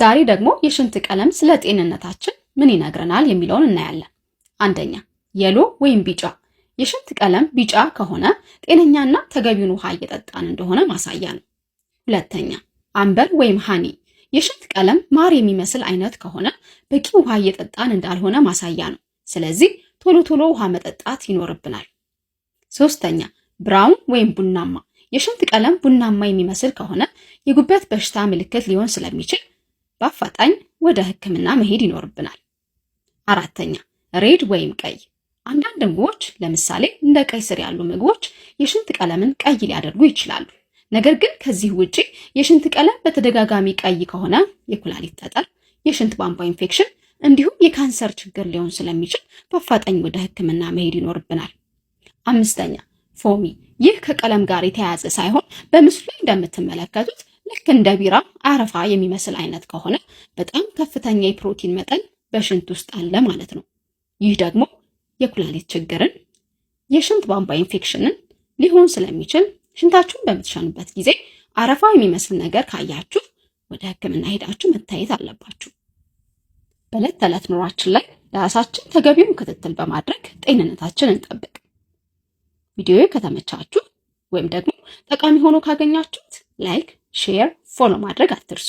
ዛሬ ደግሞ የሽንት ቀለም ስለ ጤንነታችን ምን ይነግረናል የሚለውን እናያለን። አንደኛ የሎ ወይም ቢጫ። የሽንት ቀለም ቢጫ ከሆነ ጤነኛና ተገቢውን ውሃ እየጠጣን እንደሆነ ማሳያ ነው። ሁለተኛ አምበር ወይም ሃኒ። የሽንት ቀለም ማር የሚመስል አይነት ከሆነ በቂ ውሃ እየጠጣን እንዳልሆነ ማሳያ ነው። ስለዚህ ቶሎ ቶሎ ውሃ መጠጣት ይኖርብናል። ሶስተኛ ብራውን ወይም ቡናማ። የሽንት ቀለም ቡናማ የሚመስል ከሆነ የጉበት በሽታ ምልክት ሊሆን ስለሚችል በአፋጣኝ ወደ ህክምና መሄድ ይኖርብናል። አራተኛ ሬድ ወይም ቀይ። አንዳንድ ምግቦች ለምሳሌ እንደ ቀይ ስር ያሉ ምግቦች የሽንት ቀለምን ቀይ ሊያደርጉ ይችላሉ። ነገር ግን ከዚህ ውጪ የሽንት ቀለም በተደጋጋሚ ቀይ ከሆነ የኩላሊት ጠጠር፣ የሽንት ቧንቧ ኢንፌክሽን እንዲሁም የካንሰር ችግር ሊሆን ስለሚችል በአፋጣኝ ወደ ህክምና መሄድ ይኖርብናል። አምስተኛ ፎሚ። ይህ ከቀለም ጋር የተያያዘ ሳይሆን በምስሉ ላይ እንደምትመለከቱት ልክ እንደ ቢራ አረፋ የሚመስል አይነት ከሆነ በጣም ከፍተኛ የፕሮቲን መጠን በሽንት ውስጥ አለ ማለት ነው። ይህ ደግሞ የኩላሊት ችግርን፣ የሽንት ቧንቧ ኢንፌክሽንን ሊሆን ስለሚችል ሽንታችሁን በምትሸኑበት ጊዜ አረፋ የሚመስል ነገር ካያችሁ ወደ ሕክምና ሄዳችሁ መታየት አለባችሁ። በዕለት ተዕለት ኑሯችን ላይ ለራሳችን ተገቢውን ክትትል በማድረግ ጤንነታችን እንጠብቅ። ቪዲዮ ከተመቻችሁ ወይም ደግሞ ጠቃሚ ሆኖ ካገኛችሁት ላይክ ሼር፣ ፎሎ ማድረግ አትርሱ።